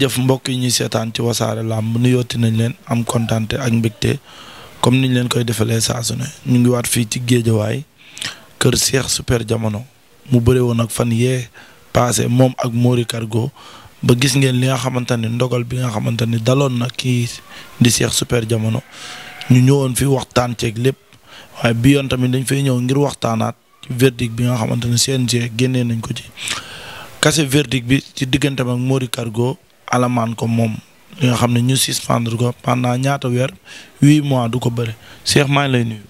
jëf mbokk yi ñuy seetaan ci wasaare làmb nuyooti nañ leen am kontaante ak mbégte comme niñ leen koy defalee saa ne ñu ngi waat fii ci géejawaay kër Cheikh Super Jamono mu bëre woon ak fan yee passé moom ak moori Cargo ba gis ngeen li nga xamante ni ndogal bi nga xamante ni daloon na kii di Cheikh Super Jamono ñu ñëwoon fi waxtaan ceeg lépp waaye bi yoon tamit dañ fay ñëw ngir waxtaanaat verdict bi nga xamante ni g génnee nañ ko ci kase verdict ci digganteem ak Mori Cargo alamaan ko moom li xam ne ñu suspendre ko pendant ñaata weer huit mois du ko bëre Cheikh maa lay nuyu.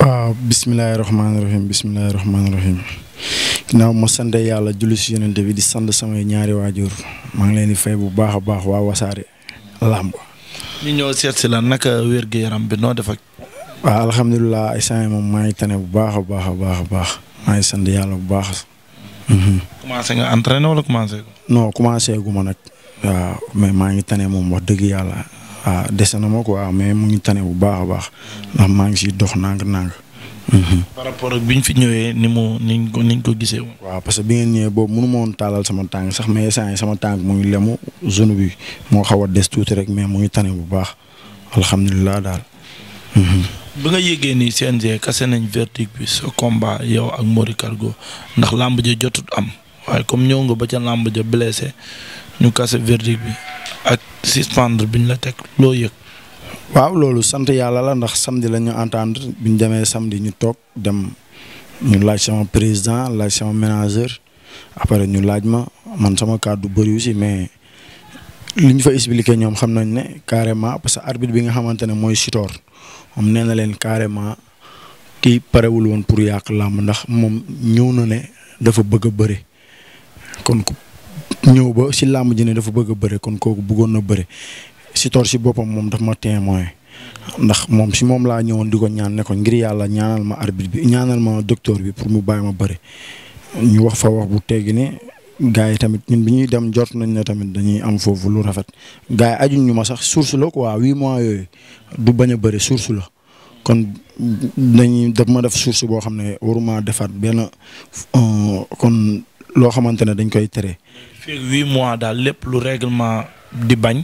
waaw bisimilah rahmaani rahiim bisimilah rahmaani rahiim ma sant yàlla julli si yonent bi di sant samay ñaari waajur maa ngi leen di fay bu baax a baax waa wasaare làmb. ñu ñëw seet si la naka wér gu yaram bi noo def ak. waaw alhamdulilah ay saa moom maa tane bu baax a baax a baax a baax maa yàlla bu baax. Mhm. commencé nga entraîné wala commencé. nag. waaw mais maa ngi tane moom wax dëgg yàlla ah dese na ma quoi mais mu ngi tane bu baax a baax ndax maa ngi siy dox nang-nang. Mhm. par rapport ak bi ñu fi ñëwee ni mu niñ ko niñ ko gisee woon. waaw parce que bi ngeen ñëwee boobu mënu ma woon taalal sama tànk sax mais saa sama tànk mu ngi lemu zone bi moo xaw a des tuuti rek mais mu ngi tane bu baax alhamdulilah daal. Mhm. ba nga yéegee ni CNG kase nañ verdict bi sa combat yow ak Mori Cargo ndax làmb ja jotut am waaye comme ñëw nga ba ca làmb ja blessé. ñu kase verdict bi ak suspendre bi ñu la teg loo yëg. waaw loolu sant yàlla la ndax samedi la entendre bi ñu demee samedi ñu toog dem ñu laaj sama président laaj sama manager après ñu laaj ma man sama kàddu bëriwu si mais li ñu fa expliquer ñoom xam nañ ne carrément parce que arbitre bi nga xamante ne mooy Sitor moom nee na leen carrément kii parewul woon pour yàq làmb ndax moom ñëw na ne dafa bëgg a bëri kon ñëw ba si làmb ji ne dafa bëgg a bëre kon kooku bëggoon na bëre si tor si boppam moom daf ma témoin ndax moom si moom laa ñëwoon di ko ñaan ne ko ngir yàlla ñaanal ma arbitre bi ñaanal ma docteur bi pour mu bàyyi ma bëre ñu wax fa wax bu teggi ne gaa yi tamit ñun bi ñuy dem jot nañ ne tamit dañuy am foofu lu rafet gaa yi ajuñ ñu ma sax source la waa huit mois yooyu du bañ a bëre source la kon dañuy daf ma def source boo xam ne waruma defaat benn euh, kon loo xamante ne dañ koy tere. fii huit mois daal lépp lu règlement di bañ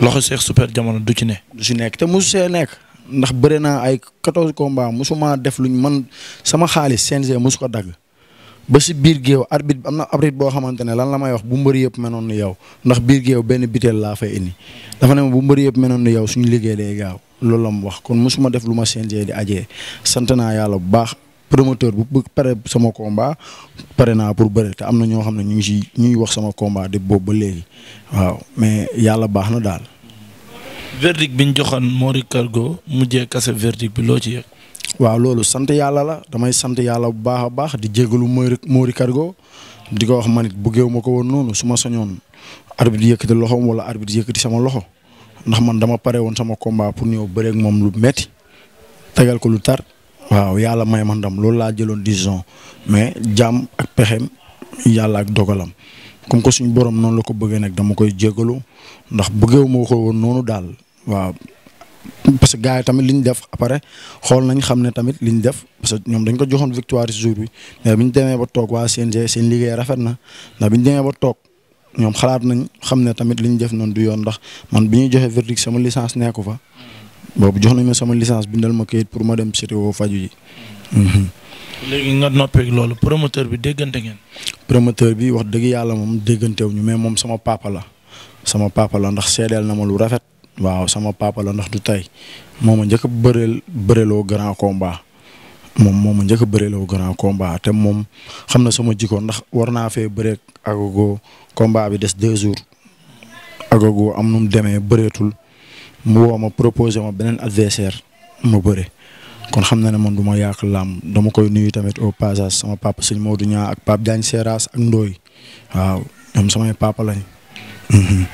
loxo Cheikh Super Diamono du ci ne. du si nekk te musu see nekk ndax bëri naa ay quatorze combats mosuma def lu ñu man sama xaalis CNG mosu ko dagg ba si biir géew arbitre am na arbitre boo xamante ne lan la may wax bu mbëri yëpp menoon nu yow ndax biir géew benn biteel laa fay indi dafa ne ma bu mbër yëpp menoon nu yow suñu liggéey day gaaw loolu la mu wax kon mosuma def lu ma CNG di ajee sant naa yàlla bu baax. promoteur bu bu pare sama combat pare naa pour bëre te am na ñoo xam ne ñu ngi si ñuy wax sama combat de boobu ba léegi waaw mais yàlla baax na daal. verdict bi ñu joxoon Mori Cargo mujjee kase verdict bi loo ci yëg. waaw loolu sant yàlla la damay sant yàlla bu baax a baax di jégalu Mori Mori Cargo di ko wax man it bëggeewu ma ko woon noonu su ma soñoon arbitre yëkkati loxoom wala arbitre yëkkati sama loxo ndax man dama pare woon sama combat pour ñëw bëreeg moom lu metti waaw yàlla may ma ndam loolu laa jëloon décision mais jàmm ak pexem yàlla ak dogalam comme que suñu borom noonu la ko bëggee nag dama koy jégalu ndax bëggeewu ma ko woon daal waaw. parce que tamit li ñu def après xool nañ xam ne tamit li ñu def parce que ñoom dañ ko joxoon victoire si jour bi mais bi demee ba toog waa CNG seen liggéey rafet na bi ñu demee ba toog ñoom xalaat nañ xam ne tamit li ñu def noonu du yoon ndax man bi ñuy joxe verdict sama licence ko fa. boobu jox nañ ma sama licence bindal ma kayit pour ma dem CTO faju yi mhm. léegi nga noppeeg loolu promoteur bi déggante ngeen. promoteur bi wax dëgg yàlla moom déggantewuñu mais moom sama papa la sama papa la ndax seedeel na ma lu rafet. waaw sama papa la ndax du tey moom a njëkk a bëreel bëreeloo grand combat moom moom njëkk a bëreeloo grand combat te moom xam na sama jikko ndax war naa fee bëreeg agogo combat bi des deux jours agogo am nu mu demee bëreetul. mu woo ma proposé ma beneen adversaire ma bëre kon xam na ne man du ma yàq làmb dama koy nuyu tamit o passage sama papa sëñ Modou Niang ak Pape Diagne Seras ak Ndoye waaw ñoom samay papa lañ. Mhm.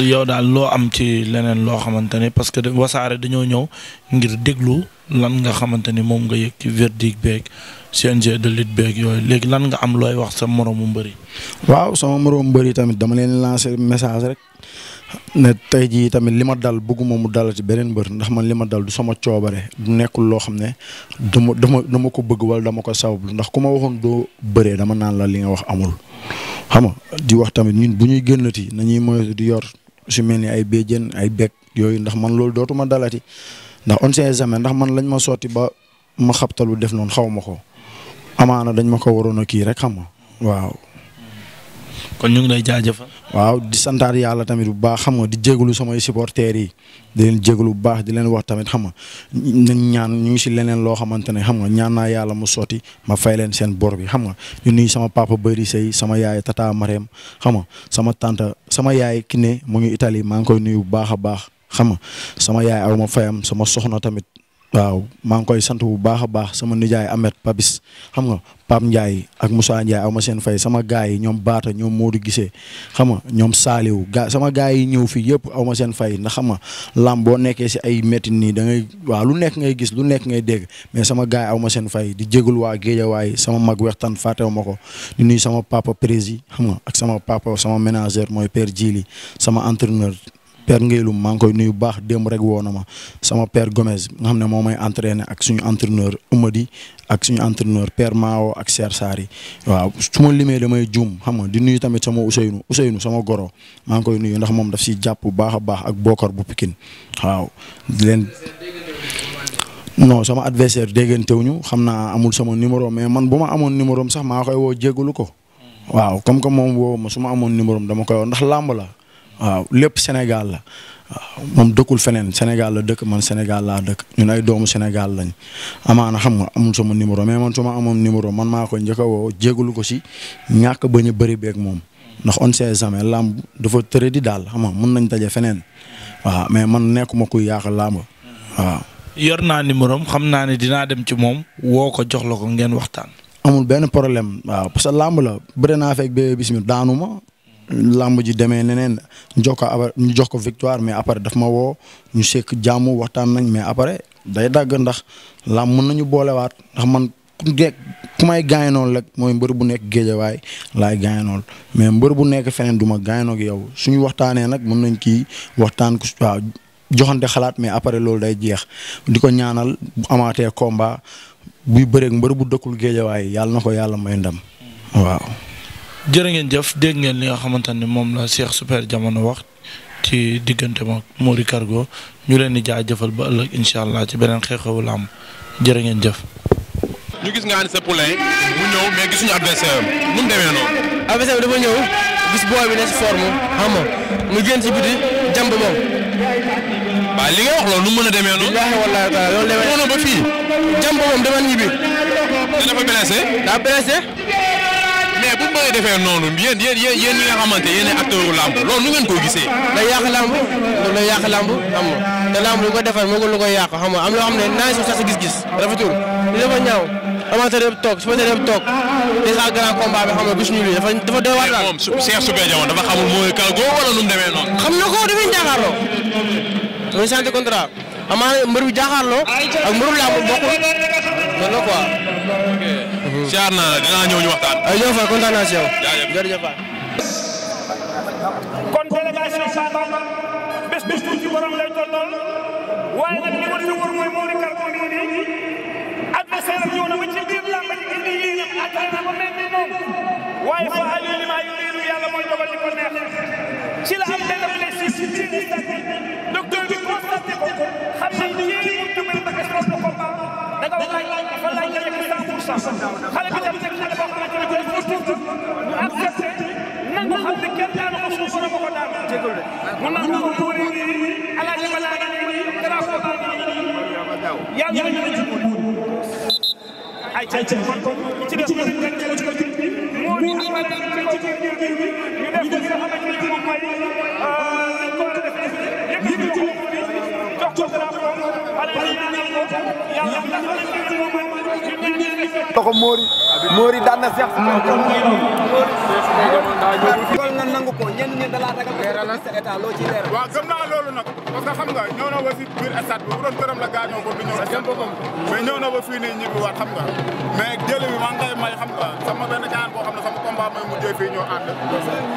yow daal loo am ci leneen loo xamante ne parce que wasaare dañoo ñëw ngir déglu lan nga xamante ni moom nga yëg ci verdict beeg CNG de lutte beeg yooyu léegi lan nga am looy wax sa moromu mbëri. waaw sama moromu mbëri tamit dama leen lancer message rek. ne tey jii tamit li ma dal bëgguma mu dalati beneen mbër ndax man li ma dal du sama coobare du nekkul loo xam ne dama dama dama ko bëgg wala dama ko sabablu ndax ku ma waxoon doo bëree dama naan la li nga wax amul. xam nga di wax tamit ñun bu ñuy gënnati nañuy moytu di yor su mel ni ay béjjén ay beeg yooyu ndax man loolu dootuma dalati ndax on sait jamais ndax man lañ ma sotti ba ma xabtalu def noonu xaw ma ko amaana dañ ma ko waroon a kii rek xam waaw. kon ñu ngi lay jaajëfal. waaw di santaat yàlla tamit bu baax xam nga di jégalu samay supporters yi di leen jégalu bu baax di leen wax tamit xam nga nañ ñaan ñu ngi si leneen loo xamante ne xam nga ñaan naa yàlla mu sotti ma fay leen seen bor bi xam nga di nuyu sama papa Bari Sey sama yaay tata Marème xam nga sama tante sama yaay Kiné mu ngi itali maa ngi koy nuyu bu baax a baax xam nga sama yaay aw ma fayam sama soxna tamit. waaw maa ngi koy sant bu baax a baax sama nijaay Ahmed Papis xam nga Pape Ndiaye ak Moussa Ndiaye aw ma seen fay sama gars yi ñoom Baata ñoom Modou Gisee xam nga ñoom Saliou ga sama gars yi ñëw fii yëpp aw ma seen fay ndax xam nga lam boo nekkee si ay métti nii da ngay waaw lu nekk ngay gis lu nekk ngay dégg mais sama gars yi aw ma seen fay di jégalu waa Géejawaay sama mag wextaan fàttewu ma ko di nuy sama papa prési xam nga ak sama papa sama ménageur mooy père Djili sama entraîneur. père Ngéloum maa ngi koy nuyu baax démb rek woo na ma sama père Gomez nga xam ne moo may entraîné ak suñu entraîneur Amady ak suñu entraîneur père Mao ak Ser Sari waaw su ma limee damay juum xam nga di nuyu tamit sama Ousseynou Ousseynou sama goro maa ngi koy ndax moom daf siy jàpp bu baax a baax ak bokkar bu pikin waaw di leen. non sama adversaire déggantewuñu xam naa amul sama numéro mais man bu ma amoon numéro sax maa koy woo jégalu ko. waaw comme que moom woo ma su ma amoon numéro dama koy ndax làmb la. waaw lépp Sénégal la moom dëkkul feneen Sénégal la dëkk man Sénégal laa dëkk ñun ay doomu Sénégal lañ amaana xam nga amul sama numéro mais man su ma amoon numéro man maa ko njëkk woo jégalu ko si ñàkk ba ñu bari beeg moom ndax on sait jamais làmb dafa tëre di daal xam nga mën nañ daje feneen waaw mais man nekkuma kuy yàq làmb waaw. yor naa numéro am xam naa ne dinaa dem ci moom woo ko jox la ko ngeen waxtaan. amul benn problème waaw parce que làmb la bëri naa fekk bee bisimilah daanu ma làmb ji demee neneen ñu jox ko après ñu jox ko victoire mais après daf ma woo ñu sekk jàmm waxtaan nañ mais après day dàgg ndax làmb mën nañu boolewaat ndax man ku may gaañoon rek mooy mbër bu nekk géejawaay laay gaañoon mais mbër bu nekk feneen du ma gaañoon ak yow suñu waxtaanee nag mën nañ kii waxtaan ku waaw joxante xalaat mais après loolu day jeex di ko ñaanal bu amaatee combat buy bëreeg mbër bu dëkkul géejawaay yàlla na ko yàlla may ndam waaw. jërë ngeen jëf dégg ngeen li nga xamante ne moom la Cheikh Super Diamono wax ci diggante moom Mory Cargo ñu leen di jëfal ba ëllëg incha allah ci beneen xeexewu làmb jërë ngeen jëf. gis nga ànd am nu demee noonu. adversaire gis booy bi ne si forme xam nga li nga wax loolu mën a demee noonu. billaahi ba fii jàmb moom dama ñibbi. te dafa blessé. daa blessé. koy defee noonu yéen yéen yéen yéen ñi nga xamante yéen ay nu ko gisee. day yàq làmb loolu day yàq làmb xam nga te làmb lu ko defar moo ko lu koy yàq xam nga am loo xam ne naa su sax gis-gis rafetul li dafa ñaaw bi xam nga gis ñu lii dafa dafa doy waar daal. moom Cheikh Super Diamant dafa xamul mooy cargo wala nu mu demee noonu. xam na ko dafay jaaxaarloo muy santé contrat amaana mbër bi jaaxaarloo ak siyaar naa la dinaa ñëw ñu waxtaan. jërëjëf Faye kontaan naa si yow. jërëjëf Faye. kon délégation Saabal bés bés tuuti borom lay tollool waaye nag li ma di wër mooy moo di Karpo nii nii adversaire am ñëw na ba ci biir làmb ji indi yéenam attiré na ba mel ni moom waaye fa Aliou li maa yuriidu yàlla mooy dogal li ko neex ci la am benn blessure si biir docteur bi constaté ko xam ne yéen a ngi ko jublu ba question de combat da nga wax fa laaj nga yëkkati cent xale bi tamit nekk xale boo xamante ne dañu ko tuut mu accepté nangu xam ne kenn daanu ko suñu borom ko daan jégal mu nangu ko tuuri alaaji balaa nga ne nii grâce ko baa yàlla ñu la jubal ay ca ca kon kon ci des ma nekk ko ci ko ci moo di am na ci ko ci biir biir bi ñu def ko nga xamante ne moom mooy ko euh, def yëkkati ko jox ko grâce ko xale yi ñaanal ko yàlla ndax loxo Mori Mori daan na Cheikh loolu nga nangu ko ñenn ñi da laa ragal sa état loo ciy leeral waaw gëm naa loolu nag parce que xam nga ñëw na ba biir stade bi bu doon këram la gaañoo ko du ñëw na ba fii nii ñibbi waat xam nga mais jël bi maa may xam nga sama benn gaan boo xam ne sama combat mu mujjee fii ñoo ànd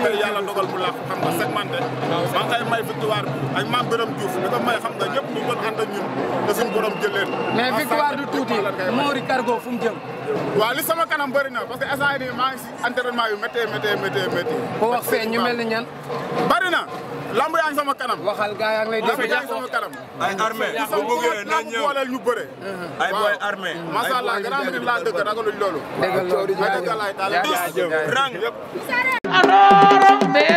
te yàlla dogal mu làqu xam nga segmenté maa ngi koy may victoire bi ak maam Birame Diouf di ko may xam nga ñëpp ñu doon ànd ak ñun te jël leen du tuuti Mori Cargo fu mu jëm waaw li sama kanam bëri na parce que instant yii nii maa ngi si entraînement yu méttee méttee ko wax fee ñu ni ñan bëri na lamb yaa ngi sama kanam. waxal gaa yaa ngi lay dégg yaa ngi sama kanam. ay armée bu bëggee na ñëw booleel ñu bëre. ay boy armée. macha allah grand bi laa dëgg ragaluñ loolu. dëgg loolu jaajëf jaajëf rang.